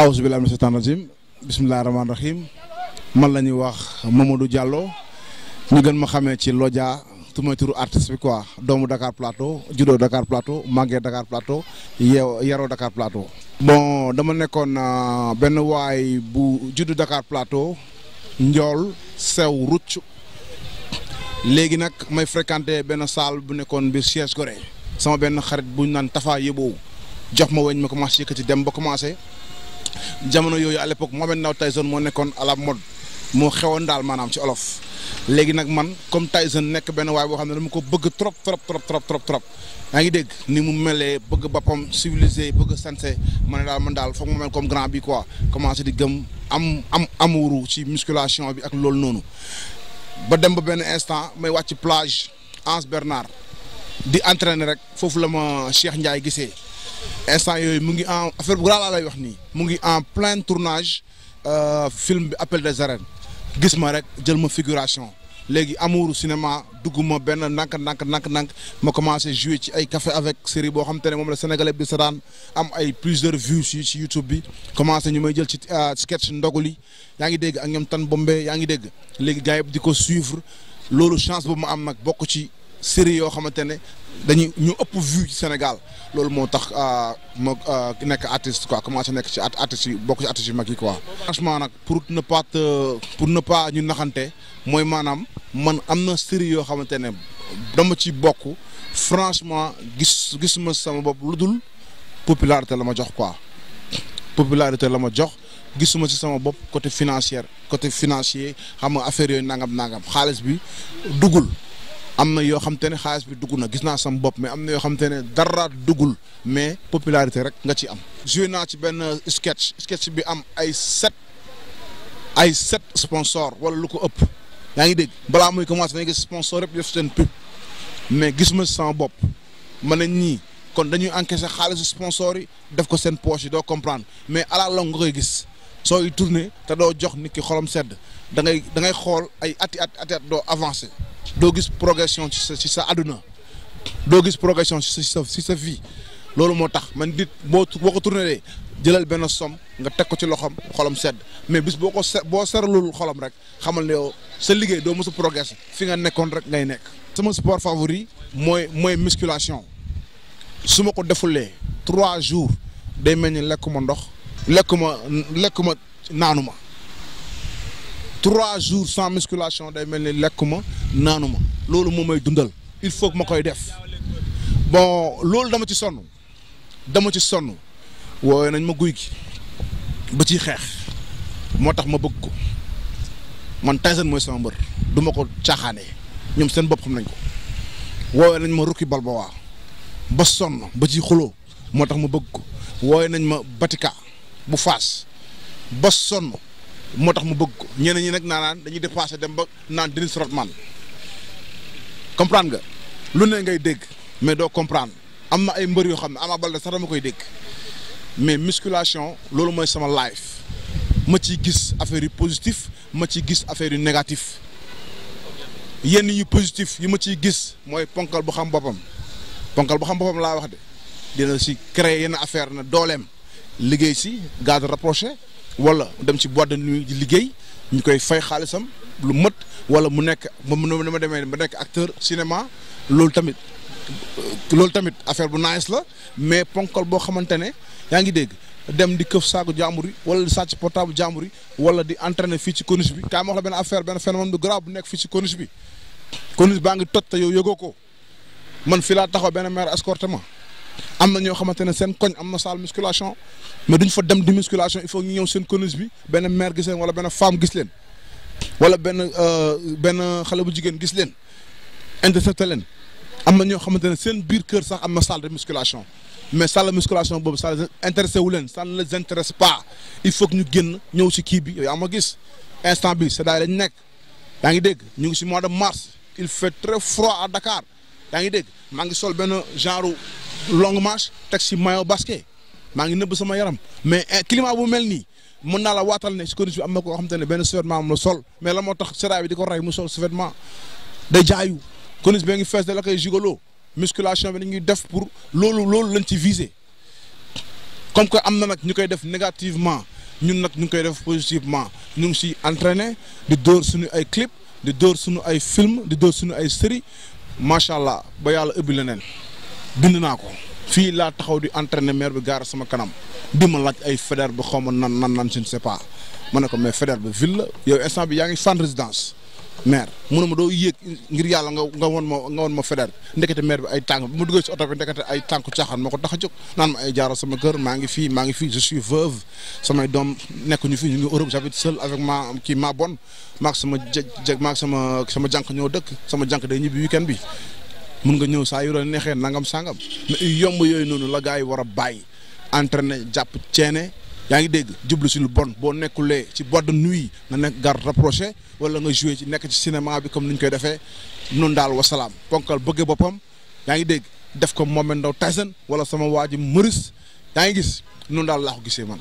awsu billaahi mina seytaani rajiim bismillaahi rahmaani rahiim man la ñuy wax Mamadou Diallo ñu gën ma xamee ci Lodja tu mooy turu artiste bi quoi doomu Dakar Plateau juddoo Dakar Plateau màggee Dakar Plateau yeew Dakar Plateau. bon dama nekkoon euh, benn waay bu juddu Dakar Plateau njool sew rucc léegi nag may fréquenté benn salle bu nekkoon biir Thiès Gorée sama benn xarit bu naan Tafa yóbbu jox ma weñ ma commencé ci dem ba commencé. jamono yooyu à l'époque Mohamed Ndao Tyson moo nekkoon à la mode moo xewoon daal maanaam ci olof léegi nag man comme Tyson nekk benn waay boo xam ne dama ko bëgg trop trop trop trop trop trop yaa ngi dégg ni mu melee bëgg boppam civilisé bëgg sanse ma ne daal man daal foog ma mel comme grand bi quoi commencé di gëm am am amuuru ci musculation bi ak loolu noonu ba dem ba benn instant may ci plage Anse Bernard di entraîner rek foofu la ma Cheikh Ndiaye gisee instant yooyu mu ngi en affaire bu laa lay wax nii mu ngi en plein tournage euh, film bi appel de arènes gis ma rek jël ma figuration léegi amouru cinéma dugg ma benn nank nank nank nank ma commencé jouer ci ay café avec série boo xam te ne moom la sénégalais bi saraan am ay plusieurs vues ci ci YouTube bi commencé ñu may jël ci euh, sketch ndogul yi yaa ngi dégg ak ñoom tan bombe yaa ngi dégg léegi gars yi di ko suivre loolu chance bu ma am nag bokk ci. série yoo xamante ne dañu ñu ëpp vue ci Sénégal loolu moo tax ah, ma ah, nekk artiste quoi commencé nekk ci artiste yi bokk ci artiste yu mag yi quoi. franchement nag pour ne pas pour ne ñu naxante mooy maanaam man am na série yoo xamante ne dama ci bokk franchement gis gisuma sama bopp lu dul popularité la ma jox quoi popularité la ma jox. gisuma ci sama bopp côté financière côté financier xam nga affaire yooyu nangam nangam xaalis bi duggul am na yoo xam ne xaalis bi dugg na gis naa sam bopp mais am na yoo xam ne dara duggul mais popularité rek nga ci am. joué naa ci benn sketch sketch bi am ay sept ay sept sponsor wala lu ko ëpp yaa ngi dégg balaa muy commencé dañuy gis sponsor yëpp def seen pub mais gis ma sama bopp ma ne ñii kon dañuy encaissé xaalisu sponsor yi def ko seen poche doo comprendre mais à la nga koy gis sooy tourné te doo jox nit ki xolam sedd da ngay da ngay xool ay ati at ati at doo avancé. doo gis progression ci sa ci sa àdduna doo gis progression ci sa ci sa vie loolu moo tax man dit boo boo ko tourné jëlal benn som nga teg ko ci loxoom xolam sedd mais bis boo ko se boo seralul xolam rek xamal ne yow sa liggéey doo mos a progresser fi nga nekkoon rek ngay nekk. sama sport favori mooy mooy musculation su ma ko defulee trois jours day mel ni lekk ma ndox lekk ma lekk ma naanu ma. trois jours sans musculation day mel ni lekkuma naanuma loolu moo may dundal il faut que ma koy def bon loolu dama ci sonn dama ci sonn woowe nañ ma guy gi ba ci xeex moo tax ma bëgg ko man Tyson mooy sama mbër duma ko caaxaanee ñoom seen bopp xam nañ ko woowe nañ ma Rocky waa ba sonn ba ci xuloo moo tax ma bëgg ko woowe nañ ma Batika bu faas ba sonn moo tax mu bëgg ko ñeneen ñi nag naanaan dañuy dépassé dem ba naan Dennis Rodman comprendre nga lu ne ngay dégg mais doo comprendre am na ay mbër yoo xam ne Ama Baldé sax dama koy dégg mais musculation loolu mooy sama life ma ci gis affaire yu positif ma ci gis affaire yu négatif yenn yu positif yi ma ciy gis mooy ponkal bu xam boppam ponkal bu xam boppam laa wax de dina si créer yenn affaire na dooleem liggéey si garde rapproché wala dem ci boîte de nuit di liggéey ñu koy fay xaalisam lu mat wala mu nekk ma na ma demee ma nekk acteur cinéma loolu tamit loolu tamit affaire bu nice la mais ponkal boo xamante ne yaa ngi dégg dem di këf saaku jàmbur yi wala di sàcc portable jàmbur yi wala di entraîner fii ci CONUS bi kaay ma wax la benn affaire benn phénomène bu grave bu nekk fii ci CONUS bi CONUS baa ngi toj te yow yëgoo ko man fii laa taxaw benn maire escortement am na ñoo xamante ne seen koñ am na salle musculation mais duñ fa dem di musculation il faut ñu ñëw seen conus bi benn mère gis leen wala benn femme gis leen wala benn euh, benn xale bu jigéen gis leen intercepté leen am na ñoo xamante ne seen biir kër sax am na salle de musculation mais salle de musculation boobu ça intéressé wu leen ça ne les intéresse pas il faut que ñu génn ñëw si kii bi yow yaa ma gis instant bi c'est daal lañ nekk yaa ngi dégg ñu ngi si mois de mars il fait très froid à Dakar yaa ngi dégg maa ngi sol benn genre longue marche teg si maillot basket maa ngi nëbb sama yaram mais eh, climat bu mel nii mun naa la waatal ne si condition bi am na koo xam ne benn survêtement am la sol mais la moo tax sérail bi di ko rey mu sol survêtement day jaayu condition bi ngi fees da la koy gigolo musculation bi dañuy def pour loolu loolu lañ ci viser comme que am na nag ñu koy def négativement ñun nag ñu ngi koy def positivement ñu ngi siy entraîné di dóor suñu ay clip di dóor suñu ay film di dóor suñu ay série macha allah ba yàlla ëbbi leneen bind naa ko fii laa taxaw di entraîner maire bi gaara sama kanam di ma laaj ay Faidherbe bi xaw ma nan nan nan je ne sais pas ma ne ko mais Faidherbe bi ville la yow instant bi yaa ngi sans résidence maire mu ne ma doo yéeg yàlla nga nga woon ma nga ma Faidherbe ndekete maire bi ay tànk bi ma duggee si oto bi ndekete ay tànku caaxaan moo ko tax a jóg naan ma ay jaara sama kër maa ngi fii maa ngi fii je suis veuve samay doom nekkuñu fii ñu ngi Europe j'habite seul avec ma kii ma bonne maag sama jég maag sama sama jànk ñoo dëkk sama jànk day ñibbi weekend bi mun nga ñëw saa yu la neexee nangam sangam yomb yooyu noonu la gars yi war a bàyyi entraîné jàpp ceene yaa ngi dégg jublu si lu bon boo nekkulee ci boîte de nuit nga nekk garde rapproché wala nga joué ci nekk ci cinéma bi comme ni ñu koy defee noonu daal wasalaam ponkal bëgg boppam yaa ngi dégg def ko Mohamed Ndao Tyson wala sama waa ji Maurice yaa ngi gis noonu daal laa ko gisee man.